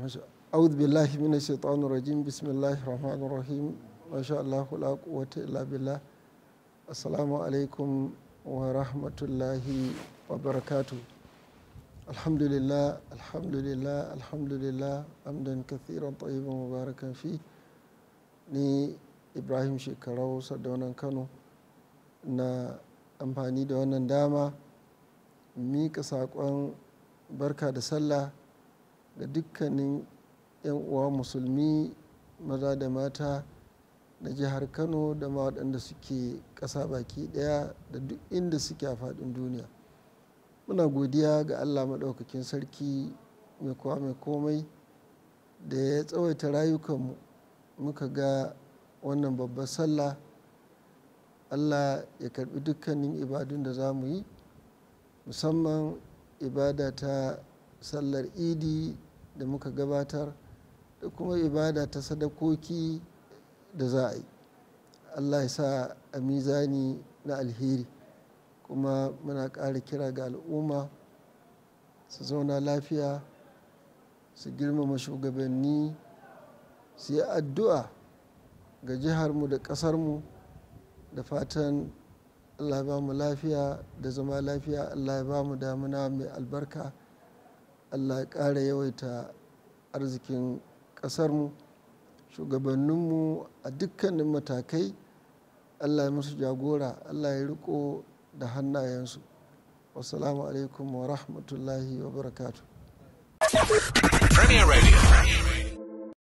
أعوذ بالله من الشيطان الرجيم بسم الله الرحمن الرحيم ما شاء الله لا قوة إلا بالله السلام عليكم ورحمة الله وبركاته الحمد لله الحمد لله الحمد لله حمدا كثيرا طيبا مباركا فيه ni ibrahim shekarau sadaunan kano na amfani da wannan dama mika saƙon barka da sallah ga dukkanin 'yan uwa musulmi maza da mata na jihar kano da ma waɗanda suke ƙasa baki ɗaya da duk inda suke a faɗin duniya muna godiya ga allah maɗaukakin sarki mai kowa mai komai da ya tsawaita rayukanmu muka ga wannan babbar sallah allah ya karbi dukkanin ibadun da za mu yi musamman ibada ta sallar idi da muka gabatar da kuma ibada ta sadakoki da za a yi allah ya sa a mizani na alheri kuma muna ƙara kira ga al'umma su zauna lafiya su girmama shugabanni su yi addu'a ga jiharmu da ƙasarmu da fatan allah ba mu lafiya da zama lafiya allah ya ba mu damuna mai albarka allah ya ƙara yawaita arzikin ƙasarmu shugabanninmu a dukkanin matakai allah ya musu jagora allah ya riko da hannayensu wasu alaikum wa rahmatullahi wa barakatu